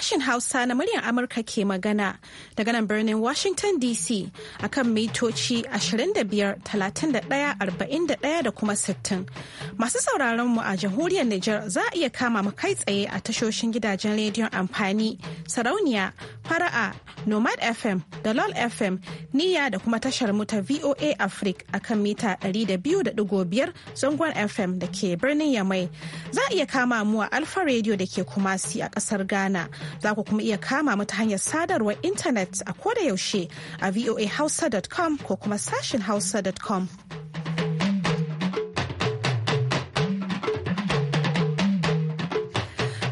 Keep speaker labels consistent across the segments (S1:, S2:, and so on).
S1: sashen Hausa na muryar Amurka ke magana daga nan birnin Washington DC akan mitoci 25, da kuma 60. Masu sauraron mu a jamhuriyar Nijar za a iya kama mu kai tsaye a tashoshin gidajen rediyon amfani, sarauniya, fara'a, Nomad FM da LOL FM, niyya da kuma tashar mu ta VOA Africa akan mita 200.5 zangon FM da ke birnin Yamai. Za a iya kama mu a Alfa Radio da ke Kumasi a ƙasar Ghana. Za ku kuma iya kama mata hanyar sadarwar intanet a koda yaushe a voahausa.com ko kuma sashin hausa.com.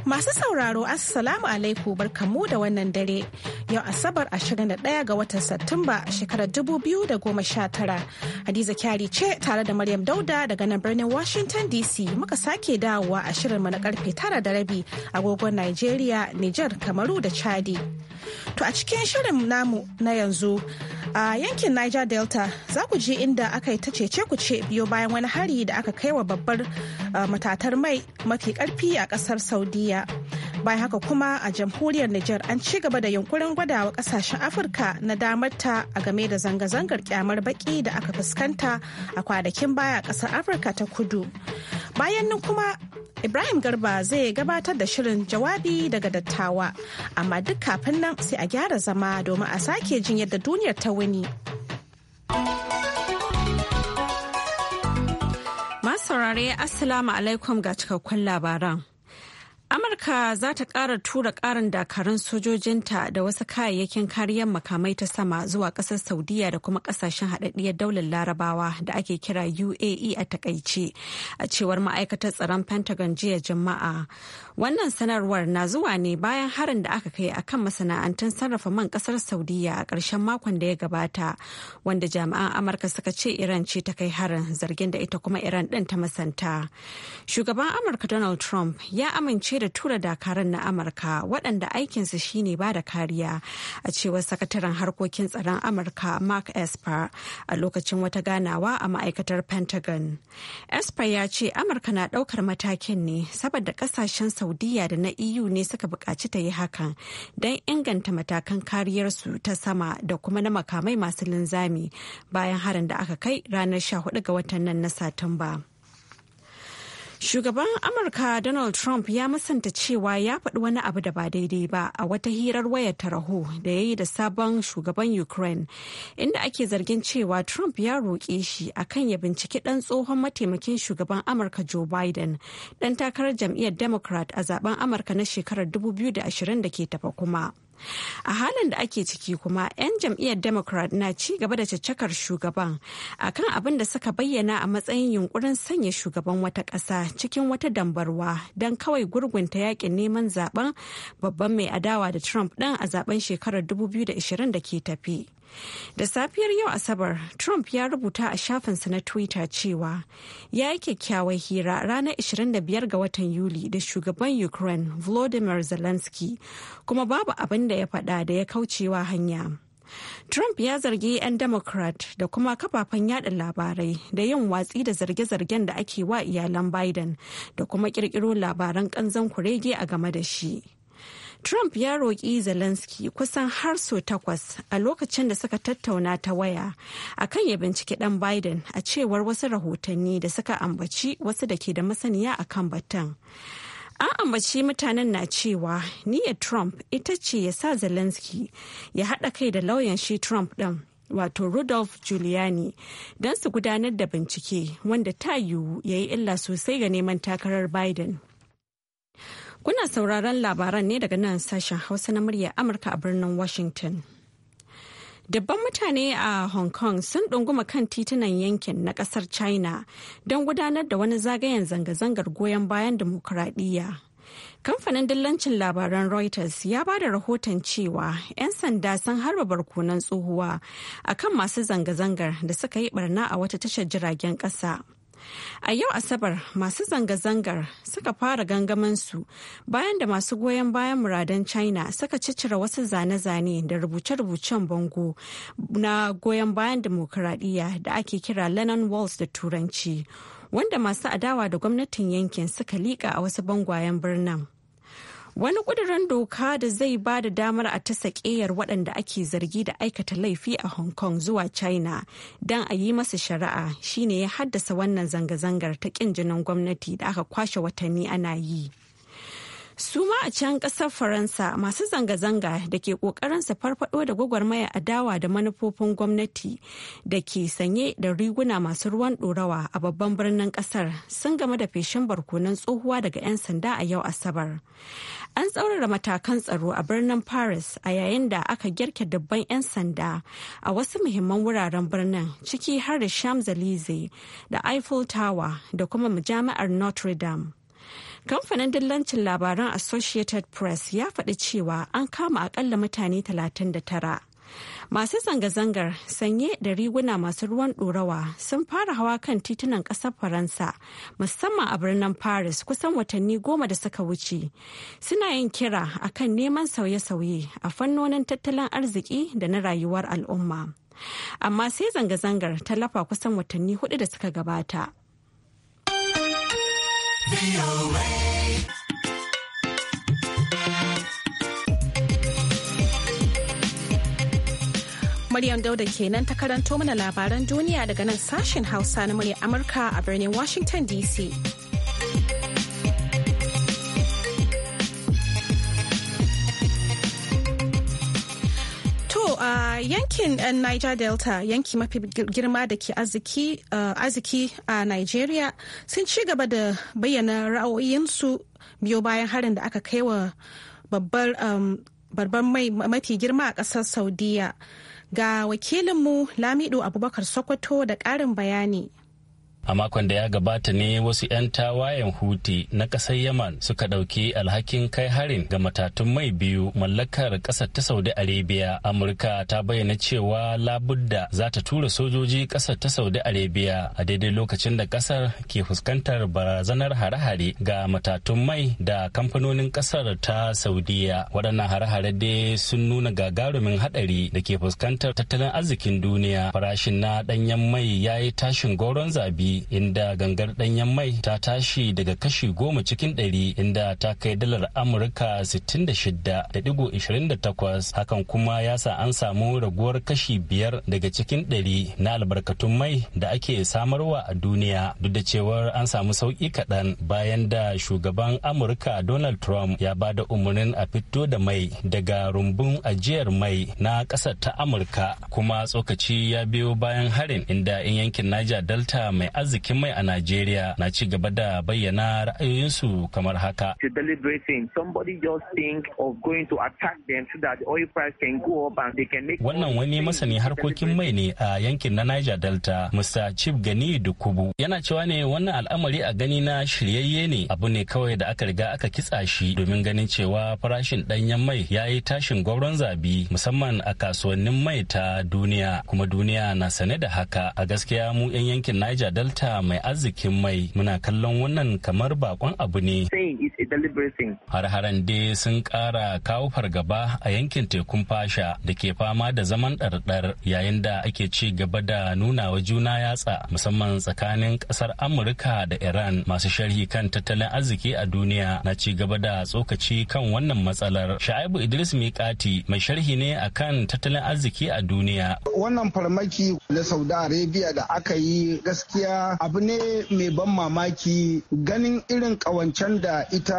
S1: Masu sauraro Assalamu alaikum barkamu da wannan dare. Yau Asabar 21 ga watan Satumba shekarar 2019. Hadiza Kyari ce tare da Maryam Dauda daga nan birnin Washington DC muka sake dawowa a shirinmu na karfe tara da rabi agogon Nigeria, Niger, Kamaru da Chadi. To a cikin shirin namu na yanzu a yankin niger delta za ku ji inda aka yi ta cece ku ce biyo bayan wani hari da aka kai wa babbar uh, matatar mai mafi karfi a kasar saudiya bai haka kuma a jamhuriyar Nijar an ci gaba da yunkurin gwadawa kasashen Afirka na damar ta a game da zanga-zangar kyamar baki da aka fuskanta a kwanakin baya kasar Afirka ta kudu. Bayan nan kuma Ibrahim Garba zai gabatar da shirin jawabi daga dattawa, amma duk kafin nan sai a gyara zama domin a sake
S2: jin yadda duniyar ta wuni. Masaurare, saurare, Assalamu alaikum ga cikakkun labaran. Amurka za ta ƙara tura ƙarin dakarun sojojinta da wasu kayayyakin kariyar makamai ta sama zuwa ƙasar Saudiya da kuma ƙasashen haɗaɗɗiyar daular larabawa da ake kira UAE a takaice a cewar ma'aikatar tsaron Pentagon jiya Juma'a. Wannan sanarwar na zuwa ne bayan harin da aka kai akan masana'antun sarrafa man ƙasar Saudiya a ƙarshen makon da ya gabata wanda jami'an Amurka suka ce Iran ce ta kai harin zargin da ita kuma Iran ɗin ta masanta. Shugaban Amurka Donald Trump ya amince amince da tura dakaran na amurka waɗanda aikinsu shine ba da kariya a cewar sakataren harkokin tsaron amurka mark esper a lokacin wata ganawa a ma'aikatar pentagon esper ya ce amurka na ɗaukar matakin ne saboda ƙasashen saudiya da na eu ne suka buƙaci ta yi hakan don inganta matakan kariyarsu ta sama da kuma na makamai masu linzami bayan harin da aka kai ranar 14 ga watan nan na satumba. Shugaban Amurka Donald Trump ya musanta cewa ya faɗi wani abu da ba daidai ba a wata hirar wayar taraho da ya yi da sabon shugaban Ukraine, inda ake zargin cewa Trump ya roƙe shi akan ya binciki ɗan tsohon mataimakin shugaban Amurka Joe Biden, ɗan takarar jam'iyyar Democrat a zaben Amurka na shekarar 2020 da ke tafa kuma. a halin da ake ciki kuma 'yan jam'iyyar democrat na ci gaba da caccakar shugaban a kan abin da suka bayyana a matsayin yunkurin sanya shugaban wata ƙasa cikin wata dambarwa don kawai gurgunta yakin neman zaben babban mai adawa da trump ɗin a zaben shekarar 2020 da ke tafi Da safiyar yau Asabar, Trump ya rubuta a shafinsa na Twitter cewa ya yi kyakkyawar hira ranar 25 ga watan Yuli da shugaban Ukraine Volodymyr Zelensky kuma babu abin da ya faɗa da ya kaucewa hanya. Trump ya zargi 'yan Democrat da kuma kafafen yada labarai da yin watsi da zarge-zargen da ake wa iyalan Biden da kuma kirkiro labaran kanzon kurege a game da shi. Trump ya roƙi Zelensky kusan har sau takwas a lokacin da suka tattauna ta waya kan ya binciki ɗan Biden a cewar wasu rahotanni da suka ambaci wasu da ke da masaniya a kan batan An ambaci mutanen na cewa niyyar Trump ita ce ya sa Zelensky ya haɗa kai da lauyan shi Trump ɗin wato Rudolph Giuliani don su gudanar da bincike wanda ta yiwu ya yi illa sosai ga neman takarar Biden. Kuna sauraron labaran ne daga nan sashen Hausa na murya Amurka a birnin Washington. Dabban mutane a Hong Kong sun ɗunguma kan titunan yankin na ƙasar China don gudanar da wani zagayen zanga-zangar goyon bayan demokuraɗiyya. Kamfanin dillancin labaran Reuters ya ba da rahoton cewa 'yan sanda sun harba barkonan tsohuwa a kan masu zanga-zangar da suka yi barna a wata tashar jiragen ƙasa. A yau Asabar masu zanga-zangar suka fara gangamansu bayan da masu goyon bayan muradan China suka cicira wasu zane-zane da rubuce-rubucen bango na goyon bayan demokuraɗiyya da ake kira Lennon Walls da Turanci, wanda masu adawa da gwamnatin yankin suka liƙa a wasu bangwayen birnin. Wani ƙudurin doka da zai ba da damar a ta ƙeyar waɗanda ake zargi da aikata laifi a Hong Kong zuwa China don a yi masa shari'a shine ya haddasa wannan zanga-zangar ta ƙin jinin gwamnati da aka kwashe watanni ana yi. su ma a can kasar faransa masu zanga-zanga da ke kokarin su farfado da gwagwarmaya a dawa da manufofin gwamnati da ke sanye da riguna masu ruwan dorawa a babban birnin kasar sun game da feshin barkonan tsohuwa daga 'yan sanda a yau asabar an tsaurara matakan tsaro a birnin paris a yayin da aka girke dubban 'yan sanda a wasu muhimman wuraren birnin ciki har da champs-elysees da eiffel tower da kuma majami'ar notre dame Kamfanin dillancin labaran Associated Press ya faɗi cewa an kama akalla mutane 39. Masu zanga-zangar sanye da riguna masu ruwan ɗorawa sun fara hawa kan titunan ƙasar Faransa musamman a birnin Paris kusan watanni goma da suka wuce. Suna yin kira a kan neman sauye-sauye a fannonin tattalin arziki da na rayuwar al'umma. Amma sai zanga-zangar ta lafa kusan watanni hudu da suka gabata.
S1: Maryam Dauda kenan ta karanto mana labaran duniya daga nan sashen Hausa na murya Amurka a birnin Washington DC. yankin yan uh, niger delta yanki mafi girma da ke uh, arziki a nigeria sun ci gaba da bayyana ra'ayoyinsu biyo bayan harin da aka kai wa babbar um, mai mafi girma a kasar saudiya ga wakilinmu lamido abubakar sokoto da ƙarin bayani
S3: a makon da ya gabata ne wasu 'yan tawayen huti na ƙasar yaman suka ɗauki alhakin kai harin ga matatun mai biyu mallakar ƙasar ta saudi arabia amurka ta bayyana cewa labudda za ta tura sojoji ƙasar ta saudi arabia a daidai lokacin da ƙasar ke fuskantar barazanar hare-hare ga matatun mai da kamfanonin ƙasar ta saudiya waɗannan hare-hare dai sun nuna gagarumin haɗari da ke fuskantar tattalin arzikin duniya farashin na ɗanyen mai ya yi tashin goron zabi inda gangar ɗanyen mai ta tashi daga kashi goma cikin ɗari inda ta kai dalar Amurka 66.28 hakan kuma ya sa an samu raguwar kashi biyar daga cikin ɗari na albarkatun mai da ake samarwa a duniya duk da cewar an samu sauƙi kaɗan bayan da shugaban Amurka Donald Trump ya ba da umarnin a fito da mai daga rumbun ajiyar mai na ƙasar ta Amurka kuma tsokaci ya biyo bayan harin inda in yankin Niger Delta mai arzikin mai a Najeriya na ci gaba da bayyana ra'ayoyinsu kamar haka.
S4: Wannan wani
S3: masani harkokin mai ne a yankin na Niger Delta, Mr. Chief Gani Dukubu. Yana cewa ne wannan al'amari a gani na shiryayye ne abu ne kawai da aka riga aka kitsa shi domin ganin cewa farashin ɗanyen mai ya yi tashin gwauron zabi musamman a kasuwannin mai ta duniya kuma duniya na sane da haka a gaskiya mu 'yan yankin Niger Delta kanta mai arzikin mai muna kallon wannan kamar bakon abu ne. Har-haren dai sun kara kawo fargaba a yankin tekun fasha da ke fama da zaman ɗarɗar yayin da ake ci gaba da nuna wa juna yatsa musamman tsakanin ƙasar Amurka da Iran masu sharhi kan tattalin arziki a duniya na ci gaba da tsokaci kan wannan matsalar. Sha'ibu Idris Mikati mai sharhi ne a kan tattalin arziki a
S5: duniya. Wannan farmaki na Saudi Arabia da aka yi gaskiya abu ne mai ban mamaki ganin irin ƙawancen da ita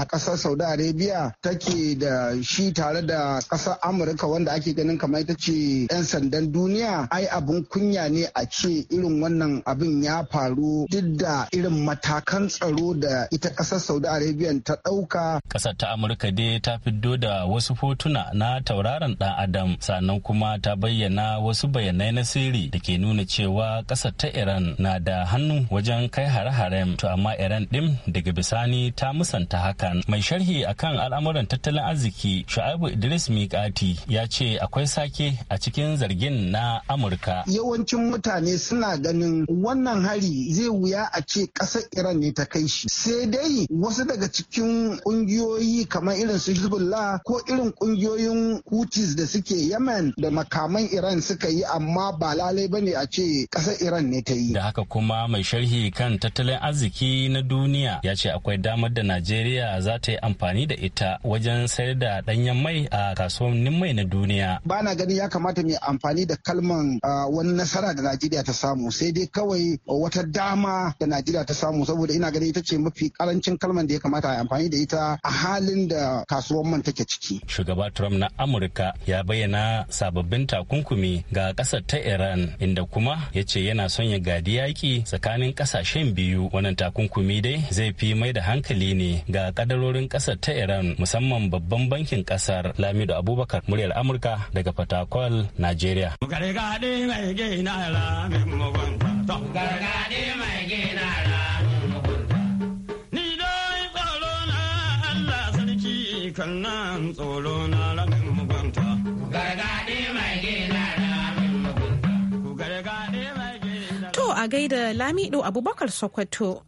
S5: a ƙasar saudi arabia take da shi tare da ƙasar amurka wanda ake ganin kamar ita ce 'yan sandan duniya ai abun kunya ne a ce irin wannan abin ya faru duk da irin matakan tsaro da ita ƙasar saudi arabia ta ɗauka ƙasar
S3: ta amurka dai ta fiddo da wasu hotuna na tauraron ɗan adam sannan kuma ta bayyana wasu bayanai na sirri da ke nuna cewa ƙasar ta iran na da hannu wajen kai hare-haren to amma iran din daga bisani ta musanta hakan mai sharhi akan al'amuran tattalin arziki shu'aibu idris mikati ya ce akwai sake a cikin zargin na amurka
S5: yawancin mutane suna ganin wannan hari zai wuya a ce ƙasar iran ne ta kai shi sai dai wasu daga cikin ƙungiyoyi kamar irin su hezbollah ko irin ƙungiyoyin hutis da suke yemen da makaman iran suka yi amma ba lalai bane a ce ƙasar iran ne ta yi da haka kuma
S3: mai sharhi kan tattalin arziki na duniya ya ce akwai damar da najeriya za ta yi amfani da ita wajen sayar da danyen mai a kasuwannin mai na duniya
S5: ba na gani ya kamata mai amfani da kalman wani nasara da najeriya ta samu sai dai kawai wata dama da najeriya ta samu saboda ina ganin ita ce mafi karancin kalman da ya kamata a amfani da ita a halin da kasuwan man take ciki shugaba
S3: trump na amurka ya bayyana sababbin takunkumi ga kasar ta iran inda kuma ya ce yana son ya gadi yaƙi tsakanin ƙasashen biyu wannan takunkumi dai zai fi mai da hankali ne ga kadarorin kasar ta iran musamman babban bankin ƙasar lamido abubakar muryar amurka daga fatakwal nigeria
S6: kan nan tsoro na
S1: a gaida Lamido Abubakar Sokoto.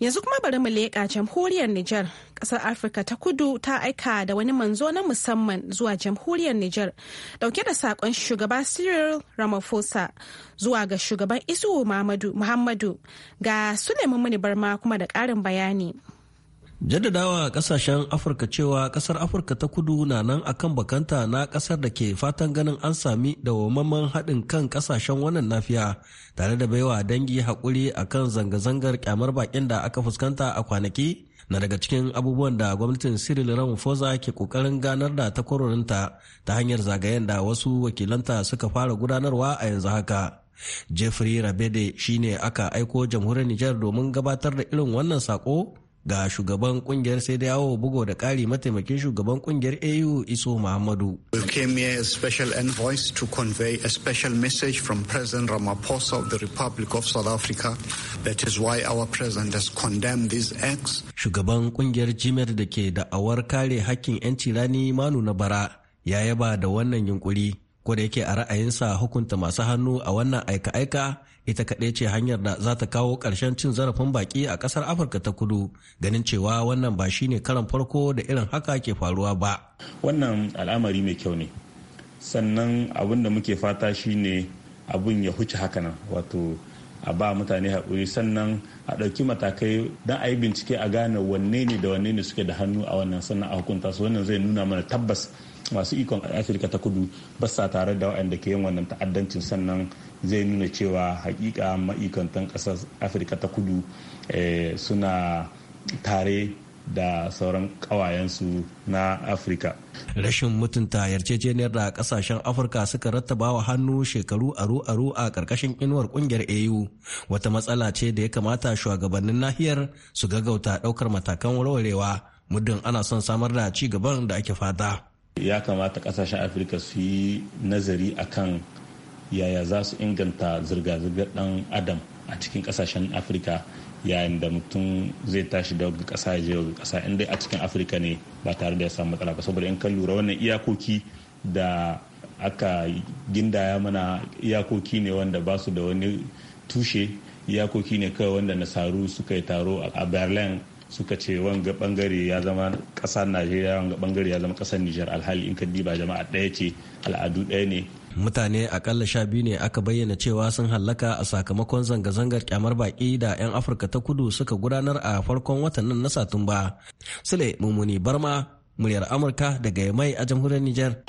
S1: Yanzu kuma bari mu leƙa jamhuriyar Nijar. Ƙasar Afirka ta kudu ta aika da wani manzo na musamman zuwa jamhuriyar Nijar ɗauke da saƙon shugaba Cyril Ramaphosa zuwa ga shugaban Isu Muhammadu ga Suleiman Muni Barma kuma da ƙarin bayani.
S7: jaddadawa kasashen afirka cewa kasar afirka ta kudu na nan akan bakanta na kasar da ke fatan ganin an sami dawwammamen haɗin kan kasashen wannan nafiya tare da baiwa dangi haƙuri akan zanga-zangar kyamar bakin da aka fuskanta a kwanaki na daga cikin abubuwan da gwamnatin cyril ramaphosa ke kokarin ganar da ta takwarorinta ta hanyar zagayen da wasu wakilanta suka fara gudanarwa a yanzu haka jeffrey rabede shine aka aiko jamhuriyar niger domin gabatar da irin wannan sako ga shugaban kungiyar sai da yawo bugo da ƙari mataimakin shugaban kungiyar AU Iso Muhammadu.
S5: We came here as special envoys to convey a special message from President Ramaphosa of the Republic of South Africa. That is why our president has condemned these acts.
S7: Shugaban kungiyar Jimer da ke da'awar kare hakkin 'yanci rani Manu na bara ya yaba da wannan yunkuri ko da yake a ra'ayinsa hukunta masu hannu a wannan aika-aika ita kaɗai ce hanyar da za ta kawo ƙarshen cin zarafin baƙi a ƙasar afirka ta kudu ganin cewa wannan ba shi ne karan farko da irin
S8: haka ke faruwa ba wannan al'amari mai kyau ne sannan abin da muke fata shine abin ya huce hakanan wato a ba mutane haƙuri sannan a ɗauki matakai don a yi bincike a gane wanne ne da wanne ne suke da hannu a wannan sannan a hukunta su wannan zai nuna mana tabbas masu ikon afirka ta kudu ba sa tare da waɗanda ke yin wannan ta'addancin sannan zai nuna cewa hakika ma'ikantan ƙasar afirka ta kudu eh, suna tare da sauran ƙawayensu na afirka
S7: rashin mutunta yarjejeniyar da kasashen afirka suka rattaba wa hannu shekaru aru-aru a ƙarƙashin inuwar ƙungiyar au wata matsala ce da ya kamata shugabannin nahiyar su gaggauta ɗaukar matakan warwarewa muddin ana son samar da ci gaban da ake fata
S8: ya kamata kasashen afirka su yi nazari a kan yaya za su inganta zirga-zirgar dan adam a cikin kasashen afirka yayin da mutum zai tashi daga kasa ya je daga kasa inda a cikin afirka ne ba tare da ya samu matsala ba saboda in ka lura wannan iyakoki da aka gindaya mana iyakoki ne wanda ba su da wani tushe iyakoki ne kawai wanda nasaru suka yi taro a berlin suka ce wanga bangare ya zama kasar najeriya wanga bangare ya zama kasar nijar alhali in ka diba jama'a ɗaya ce al'adu ɗaya ne mutane
S7: akalla sha biyu ne aka bayyana cewa sun hallaka a sakamakon zanga-zangar kyamar baki da 'yan afirka ta kudu suka gudanar a farkon watan nan na satumba sule mummuni barma muryar amurka daga mai a jamhuriyar nijar.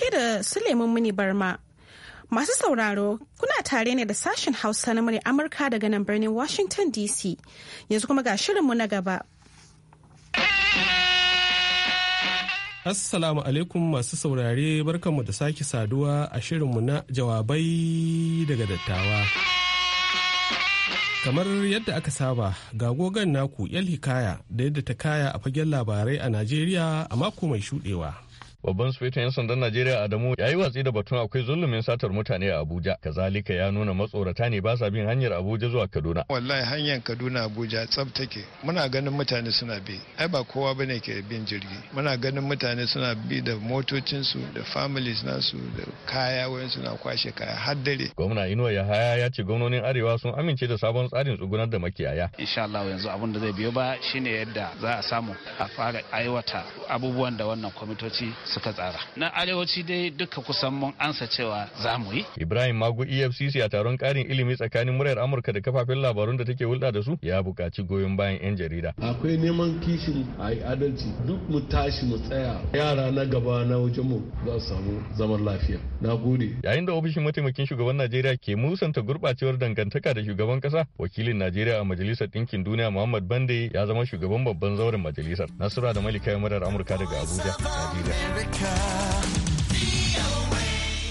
S1: gaishe da Suleiman Muni Barma. Masu sauraro, kuna tare ne da sashen Hausa na murya Amurka daga nan birnin Washington DC. Yanzu kuma ga shirinmu na gaba.
S9: Assalamu alaikum masu saurare barkanmu da sake saduwa a shirinmu na jawabai daga dattawa. Kamar yadda aka saba ga gogon naku yal hikaya da yadda ta kaya a fagen labarai a Najeriya a mako mai shudewa.
S7: Babban sufetan 'yan sandan Najeriya Adamu ya yi watsi da batun akwai zulumin satar mutane a Abuja. Kazalika ya nuna matsorata ne ba sa bin hanyar Abuja
S5: zuwa Kaduna. Wallahi hanyar Kaduna Abuja tsaf take. Muna ganin mutane suna bi. Ai ba kowa bane ke bin jirgi. Muna ganin mutane suna bi da motocinsu da families nasu da kaya wayan suna kwashe kaya
S7: har dare. Gwamna Inuwa Yahaya ya ce gwamnonin Arewa sun amince da sabon tsarin tsugunar da makiyaya.
S5: Insha Allah yanzu abin da zai biyo ba shine yadda za a samu a fara aiwata abubuwan da wannan kwamitoci suka tsara na arewaci dai duka kusan mun ansa cewa
S7: za mu yi ibrahim magu efcc a taron karin ilimi tsakanin muryar amurka da kafafen labarun da take hulɗa da su ya buƙaci goyon bayan 'yan jarida
S9: akwai neman kishin a yi adalci duk mu tashi mu tsaya yara na gaba na wajen mu za su samu zaman lafiya na gode
S7: yayin da ofishin mataimakin shugaban najeriya ke musanta gurɓacewar dangantaka da shugaban kasa wakilin najeriya a majalisar ɗinkin duniya muhammad bande ya zama shugaban babban zauren majalisar nasura da malika murar amurka daga abuja najeriya
S9: Amurka.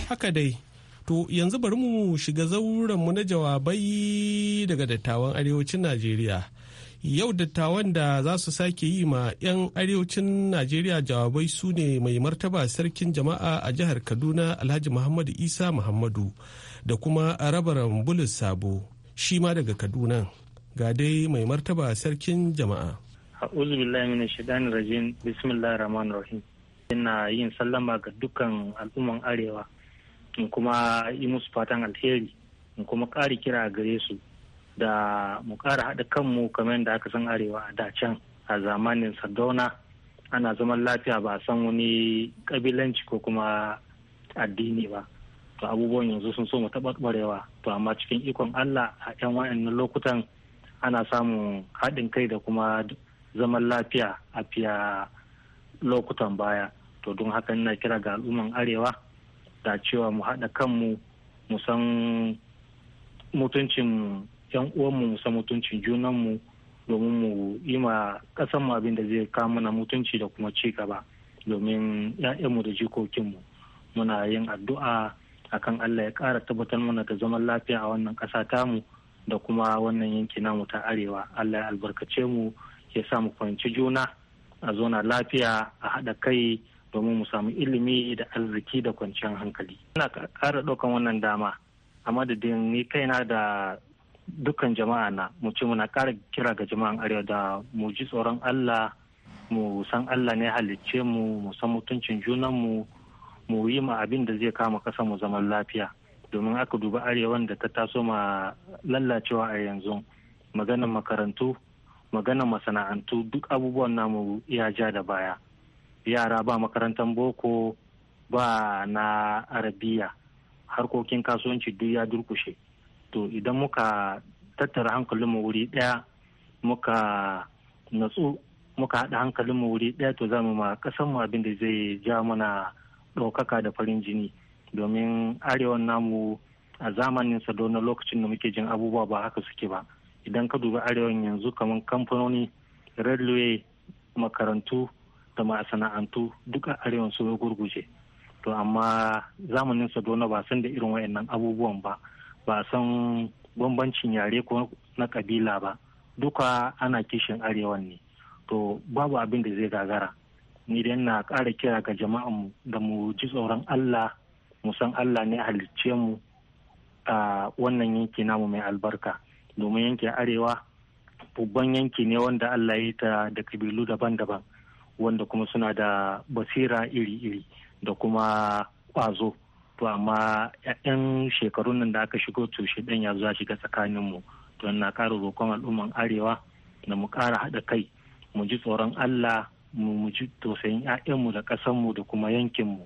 S9: Haka dai, to yanzu bari mu shiga zauranmu na jawabai daga dattawan arewacin Najeriya. Yau dattawan da za su sake yi ma 'yan arewacin Najeriya jawabai su ne mai martaba sarkin jama'a a jihar Kaduna Alhaji Muhammadu Isa Muhammadu da kuma rabaran Bulus Sabo, shi ma daga Kaduna. Ga dai mai martaba sarkin jama'a.
S4: a'udhu billahi minash shaitanir rajim bismillahir rahmanir rahim ina yin sallama ga dukkan al'umman arewa in kuma yi musu fatan alheri in kuma ƙari kira gare su da mu ƙara haɗa kanmu kamar yadda aka san arewa a da can a zamanin sardauna ana zaman lafiya ba a san wani ƙabilanci ko kuma addini ba to abubuwan yanzu sun so mu ɓarewa to amma cikin ikon allah a 'yan wa'annan lokutan ana samun haɗin kai da kuma zaman lafiya a fiya lokutan baya to don haka na kira ga al'umman arewa da cewa mu haɗa kanmu mu san mutuncin yan uwanmu mu san mutuncin junanmu domin mu yi ma mu abin da zai kawo mana mutunci da kuma ci gaba domin mu da jikokin mu muna yin addu'a akan Allah ya ƙara tabbatar mana da zaman lafiya a wannan ƙasa tamu da kuma wannan yanki namu ta arewa Allah ya albarkace mu ya sa mu fahimci juna a zona lafiya a haɗa kai domin mu samu ilimi da arziki da kwanciyar hankali ina kara ɗaukan wannan dama a madadin ni kaina da dukkan jama'a na mu ce muna kara kira ga jama'an arewa da mu ji tsoron allah mu san allah ne halicce mu mu san mutuncin junan mu mu yi ma abin da zai kama kasa mu zaman lafiya domin aka duba arewan da ta taso ma lallacewa a yanzu maganan makarantu maganan masana'antu duk abubuwan namu ya ja da baya yara ba makarantar boko ba na arabiya harkokin kasuwanci duk ya durkushe to idan muka tattara hankalinmu wuri daya muka natsu muka haɗa hankalinmu wuri daya to zamu ma mu abin da zai ja mana ɗaukaka da farin jini domin arewan namu a zamanin sa na lokacin da muke jin abubuwa ba haka suke ba idan ka duba arewan yanzu kamar kamfanoni railway makarantu ta masana'antu duk a arewan su ya gurguje to amma zamanin sadona ba san da irin wayannan abubuwan ba ba san bambancin yare ko na kabila ba duka ana kishin arewan ne to babu abin da zai gagara ni dai na ƙara kira ga jama'an mu da mu ji tsoron Allah mu san Allah ne halicce mu a wannan yanki namu mai albarka domin yankin arewa babban yanki ne wanda Allah ya yi ta da kabilu daban-daban wanda kuma suna da basira iri-iri da kuma ƙwazo to amma 'yan shekarun nan da aka shigo to shi ɗan ya zuwa shiga tsakanin mu don na ƙara roƙon al'umman arewa da mu ƙara haɗa kai mu ji tsoron allah mu ji tausayin 'ya'yanmu da mu da kuma yankin mu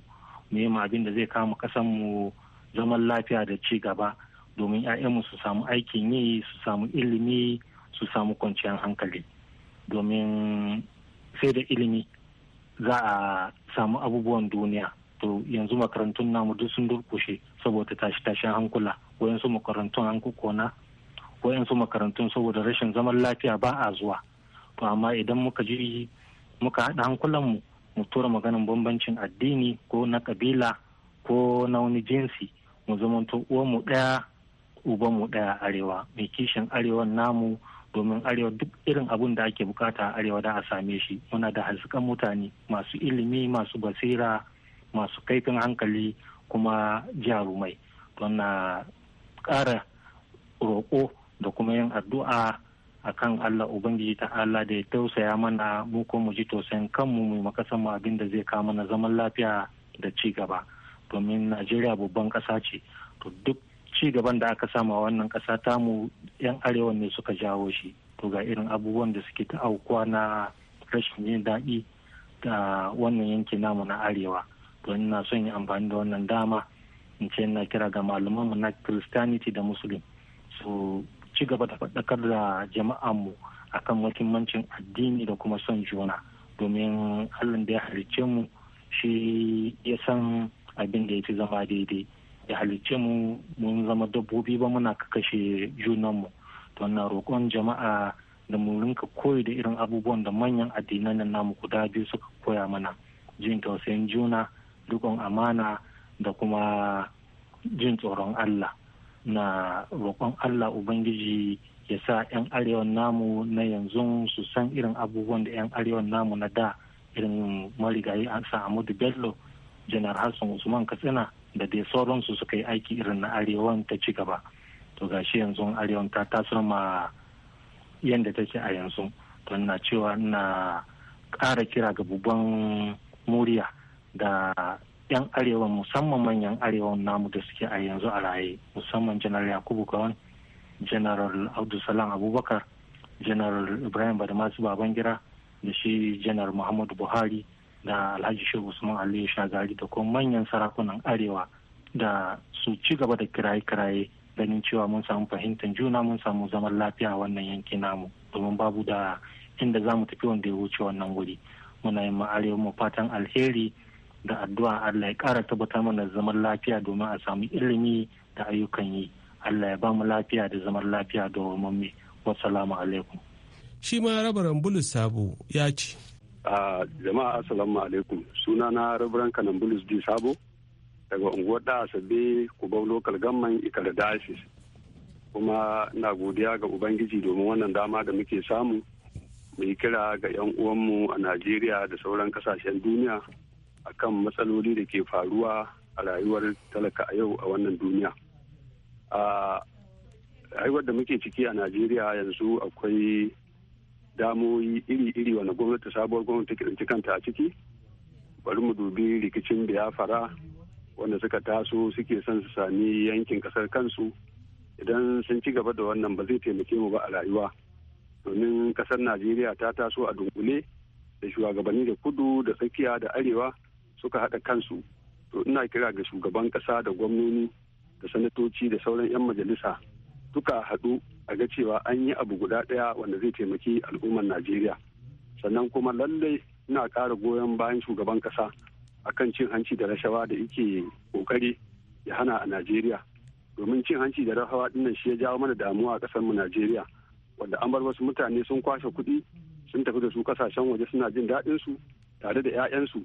S4: mu yi abin da zai kama mu zaman lafiya da ci gaba domin 'ya'yanmu su samu aikin yi su samu ilimi su samu kwanciyar hankali domin sai da ilimi za a samu abubuwan duniya to yanzu makarantun namu duk sun durkushe saboda tashi tashin hankula wayansu makarantun an kukona wayansu makarantun saboda rashin zaman lafiya ba a zuwa to amma idan muka ji muka haɗa hankulan mu mu tura maganin bambancin addini ko na kabila ko na wani jinsi mu zamanto uwanmu ɗaya mu ɗaya arewa mai kishin arewan namu domin arewa duk irin abun da ake bukata a arewa da a same shi muna da haskan mutane masu ilimi masu basira masu kaifin hankali kuma jarumai don na ƙara roƙo da kuma yin addu'a a kan Allah Ubangiji ta Allah da ya tausaya mana mu ko mu ji tausayin kanmu mu makasan mu abin da zai kama na zaman lafiya da ci gaba domin Najeriya babban ƙasa ce to duk ci gaban da aka sama wannan kasa tamu 'yan arewa ne suka jawo shi to ga irin abubuwan da suke ta aukuwa na rashin yin daɗi da wannan yanki namu na arewa to ina son yi amfani da wannan dama in ce na kira ga malaman mu na christianity da muslim su ci gaba da faɗakar da jama'an mu akan muhimmancin addini da kuma son juna domin allah da ya halicce mu shi ya san abin da ya fi zama daidai ya halicce mu mun zama dabbobi ba muna kashe junanmu to na roƙon jama'a da mu rinka koyi da irin abubuwan da manyan addinan nan namu guda biyu suka koya mana jin tausayin juna dukkan amana da kuma jin tsoron Allah na roƙon Allah Ubangiji ya sa 'yan arewan namu na yanzu su san irin abubuwan da 'yan arewan namu na da irin marigayi a Amadu Bello janar Hassan Usman Katsina da dai sauransu suka yi aiki irin na arewan ta ci gaba to gashi yanzu arewan ta tasar ma yadda take a yanzu to na cewa na ƙara kira ga babban muriya da 'yan arewa musamman manyan arewa namu da suke a yanzu a raye musamman janar yakubu gawan janar abdulsalam abubakar janar ibrahim badamasu babangira da shi janar muhammadu buhari da alhaji shehu usman aliyu shagari da kuma manyan sarakunan arewa da su ci gaba da kiraye-kiraye ganin cewa mun samu fahimtar juna mun samu zaman lafiya a wannan yanki namu domin babu da inda za mu tafi wanda ya wuce wannan wuri muna yin ma arewa mu fatan alheri da addu'a allah ya kara tabbatar mana zaman lafiya domin a samu ilimi da ayyukan yi allah ya ba mu lafiya da zaman lafiya da wa
S9: mamme wassalamu alaikum shi ma rabaran bulus sabo ya ce
S6: a jama'a assalamu alaikum suna na rabran kanan bulus di sabo daga unguwar da asabe bau lokal gamman ikar dasis kuma na godiya ga ubangiji domin wannan dama da muke samu mu yi kira ga 'yan uwanmu a najeriya da sauran kasashen duniya akan matsaloli da ke faruwa a rayuwar talaka a yau a wannan duniya a rayuwar da muke ciki a najeriya yanzu akwai damoyi iri-iri wanda gwamnati sabuwar gwamnati ta kanta a ciki bari mu dubi rikicin biyafara wanda suka taso suke son su sami yankin ƙasar kansu idan sun ci gaba da wannan ba zai taimake mu ba a rayuwa domin ƙasar najeriya ta taso a dunkule da shugabanni da kudu da tsakiya da arewa suka haɗa kansu to ina kira ga shugaban ƙasa da gwamnoni da sanatoci da sauran 'yan majalisa duka haɗu a ga cewa an yi abu guda ɗaya wanda zai taimaki al'ummar najeriya sannan kuma lallai ina ƙara goyon bayan shugaban ƙasa akan cin hanci da rashawa da yake ƙoƙari ya hana a najeriya domin cin hanci da rashawa dinnan shi ya jawo mana damuwa a ƙasar mu najeriya wanda an bar wasu mutane sun kwashe kuɗi sun tafi da su ƙasashen waje suna jin daɗin su tare da 'ya'yansu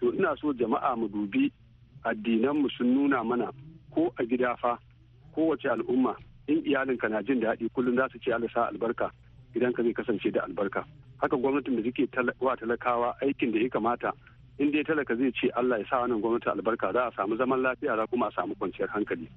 S6: to ina so jama'a mu dubi addinanmu sun nuna mana ko a gida fa kowace al'umma in iyalinka na jin daɗi kullum za su ce Allah sa albarka ka zai kasance da albarka haka gwamnatin da suke wa talakawa aikin da ya kamata in dai talaka zai ce Allah ya sa wannan gwamnati albarka za a samu zaman lafiya za kuma a samu kwanciyar hankali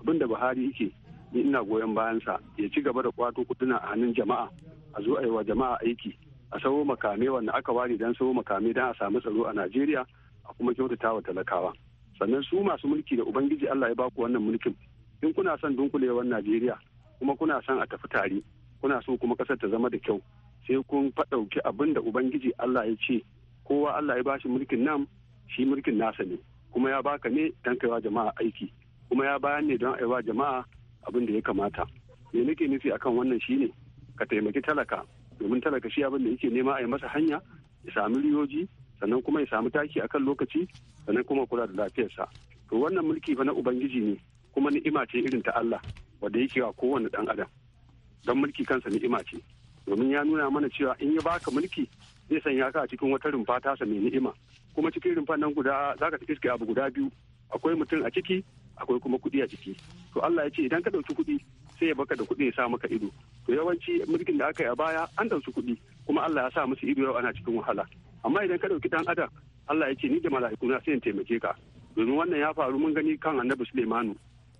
S6: abin da Buhari yake ni ina goyon bayansa ya ci gaba da kwato kuduna a hannun jama'a a zo a yi wa jama'a aiki a sawo makame wanda aka ware dan sawo makame dan a samu tsaro a Najeriya a kuma kyautata wa talakawa sannan su masu mulki da ubangiji Allah ya baku wannan mulkin in kuna son dunkulewar najeriya kuma kuna son a tafi tare kuna so kuma kasar ta zama da kyau sai kun faɗauki abin da ubangiji allah ya ce kowa allah ya bashi mulkin nan shi mulkin nasa ne kuma ya baka ne don kaiwa jama'a aiki kuma ya bayan ne don aiwa jama'a abin da ya kamata me nake nufi akan wannan shine ka taimaki talaka domin talaka shi abin da yake nema a yi masa hanya ya sami riyoji sannan kuma ya sami taki akan lokaci sannan kuma kula da lafiyarsa to wannan mulki fa na ubangiji ne kuma ni'ima ce irin ta Allah wanda yake wa kowane dan adam don mulki kansa ni'ima ce domin ya nuna mana cewa in ya baka mulki zai sanya ka a cikin wata rumfa tasa mai ni'ima kuma cikin rumfan nan guda zaka iske abu guda biyu akwai mutum a ciki akwai kuma kuɗi a ciki to Allah ya ce idan ka ɗauki kuɗi sai ya baka da kuɗi ya sa maka ido to yawanci mulkin da aka yi a baya an ɗauki kuɗi kuma Allah ya sa musu ido yau ana cikin wahala amma idan ka ɗauki dan adam Allah ya ce ni da mala'iku na sai in taimake ka domin wannan ya faru mun gani kan annabi Sulaimanu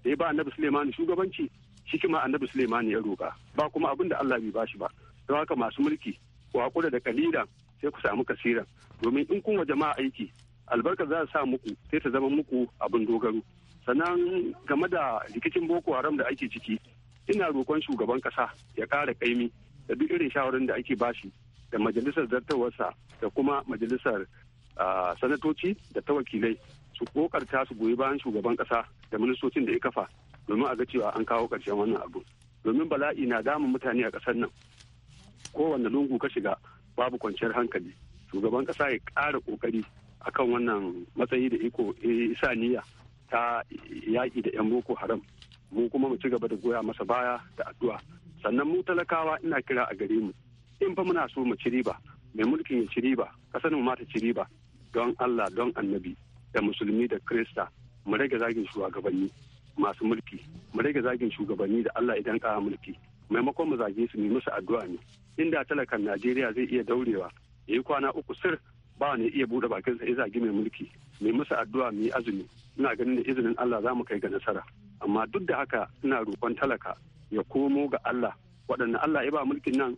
S6: da ya ba annabi Suleimani shugabanci shi hikima annabi suleiman ya roƙa ba kuma abin da allah bai bashi ba don haka masu mulki ku hakura da kalila sai ku samu kasira domin in kun wa jama'a aiki albarka za sa muku sai ta zama muku abin dogaro sannan game da rikicin boko haram da ake ciki ina roƙon shugaban kasa ya ƙara kaimi da duk irin shawarar da ake bashi da majalisar zartawarsa da kuma majalisar ah, sanatoci da ta wakilai su kokarta su goyi bayan shugaban kasa. da ministocin da ya kafa domin a ga cewa an kawo ƙarshen wannan abu domin bala'i na damun mutane a ƙasar nan kowanne lungu ka shiga babu kwanciyar hankali shugaban ƙasa ya ƙara ƙoƙari akan wannan matsayi da iko isa niyya ta yaƙi da 'yan boko haram mu kuma mu ci gaba da goya masa baya da addu'a sannan mu talakawa ina kira a gare mu in fa muna so mu ci riba mai mulkin ya ci riba ƙasar mu ma ta ci riba don Allah don annabi da musulmi da krista mu rage zagin shugabanni masu mulki mu rage zagin shugabanni da Allah idan ka mulki maimakon mu zage su ne musu addu'a ne inda talakan Najeriya zai iya daurewa yi kwana uku sir ba ne iya bude bakin sa zagi mai mulki mai musu addu'a mu yi azumi ina ganin da izinin Allah za mu kai ga nasara amma duk da haka ina roƙon talaka ya komo ga Allah waɗanne Allah ya ba mulkin nan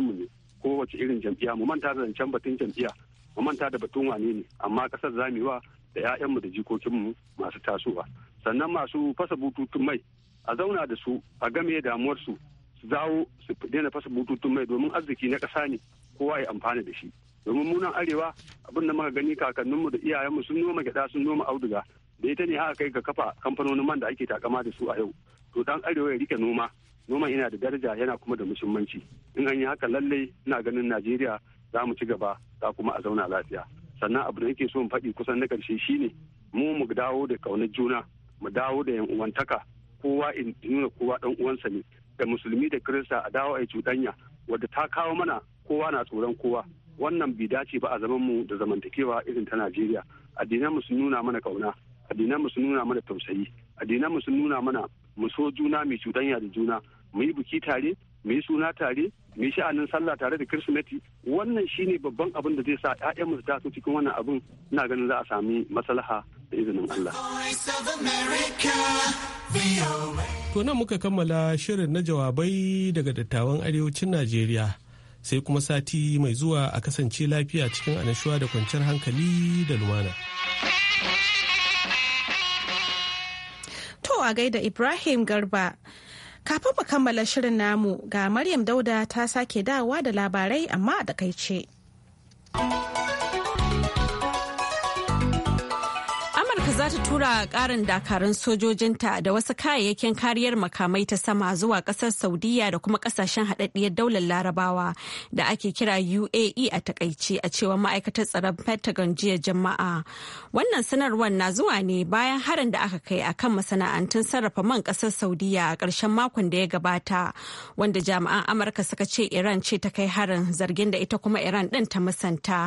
S6: mu ne kowace irin jam'iyya mu manta da zancen batun jam'iyya mu manta da batun wane ne amma ƙasar zamewa da 'ya'yanmu da jikokinmu masu tasowa sannan masu fasa bututun mai a zauna da su a game damuwar su zawo su daina fasa bututun mai domin arziki na ƙasa ne kowa ya amfana da shi domin munan arewa abin da muka gani kakanninmu da iyayenmu sun noma gyaɗa sun noma auduga da ita ne haka kai ka kafa kamfanonin man da ake takama da su a yau to dan arewa ya rike noma noma yana da daraja yana kuma da muhimmanci in an yi haka lallai ina ganin najeriya za mu ci gaba za kuma a zauna lafiya sannan abu da yake so faɗi kusan na ƙarshe ne mu mu dawo da ƙaunar juna mu dawo da yan uwantaka kowa in nuna kowa dan uwansa ne da musulmi da kirista a dawo a cuɗanya wadda ta kawo mana kowa na tsoron kowa wannan bai dace ba a zaman mu da zamantakewa irin ta Najeriya addinan mu sun nuna mana ƙauna addinan mu sun nuna mana tausayi addinan mu sun nuna mana mu so juna mai cuɗanya da juna mu yi biki tare mu yi suna tare mu yi sha'anin sallah tare da kirsimeti wannan shine babban abin da zai sa mu su taso cikin wannan abin ina ganin za a sami maslaha da izinin Allah.
S9: To nan muka kammala shirin na jawabai daga dattawan arewacin Najeriya sai kuma sati mai zuwa a kasance lafiya cikin anashuwa da kwanciyar hankali da lumana.
S1: To a gaida Ibrahim Garba. Kafin mu kammala shirin namu ga Maryam Dauda ta sake dawowa da labarai amma a takaice.
S2: za ta tura karin dakarun sojojinta da wasu kayayyakin kariyar makamai ta sama zuwa kasar saudiya da kuma kasashen haɗaɗɗiyar daular larabawa da ake kira uae a takaice a cewa ma'aikatar tsaron pentagon jiya jama'a wannan sanarwar na zuwa ne bayan harin da aka kai a kan masana'antun sarrafa man kasar saudiya a ƙarshen makon da ya gabata wanda jami'an amurka suka ce iran ce ta kai harin zargin da ita kuma iran ɗin ta musanta.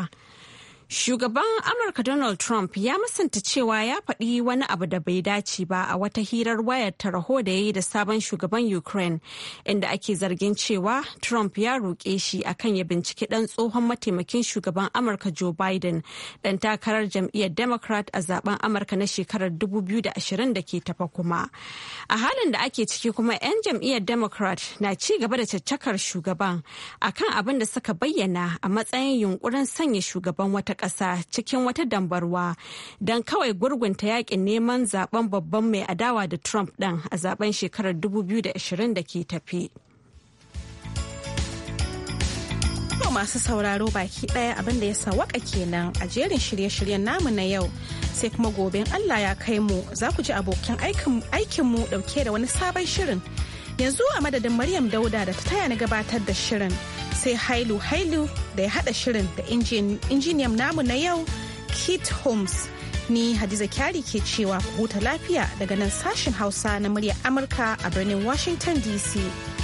S2: Shugaban Amurka Donald Trump ya musanta cewa ya faɗi wani abu da bai dace ba a wata hirar wayar taraho da ya yi da sabon shugaban Ukraine, inda ake zargin cewa Trump ya roƙe shi akan ya binciki ɗan tsohon mataimakin shugaban Amurka Joe Biden, ɗan takarar jam'iyyar Democrat a zaben Amurka na shekarar 2020 da ke tafa kuma. A halin da ake ciki kuma 'yan jam'iyyar Democrat na ci gaba da caccakar shugaban akan abin da suka bayyana a matsayin yunkurin sanya shugaban wata ta ƙasa cikin wata dambarwa don kawai gurgunta yakin neman zaben babban mai adawa da Trump ɗin a zaben shekarar 2020 da ke tafi. masu sauraro baki ɗaya abin da ya sawaka
S1: kenan a jerin shirye-shiryen namu na yau sai kuma gobe Allah ya kai mu za ku ji aikin aikinmu dauke da wani sabon shirin yanzu a madadin Maryam Dauda da ta taya na gabatar da shirin sai hailu hailu da ya hada shirin da injiniyan namu na yau kit holmes ni hadiza kyari ke cewa huta lafiya daga nan sashen hausa na murya amurka a birnin washington dc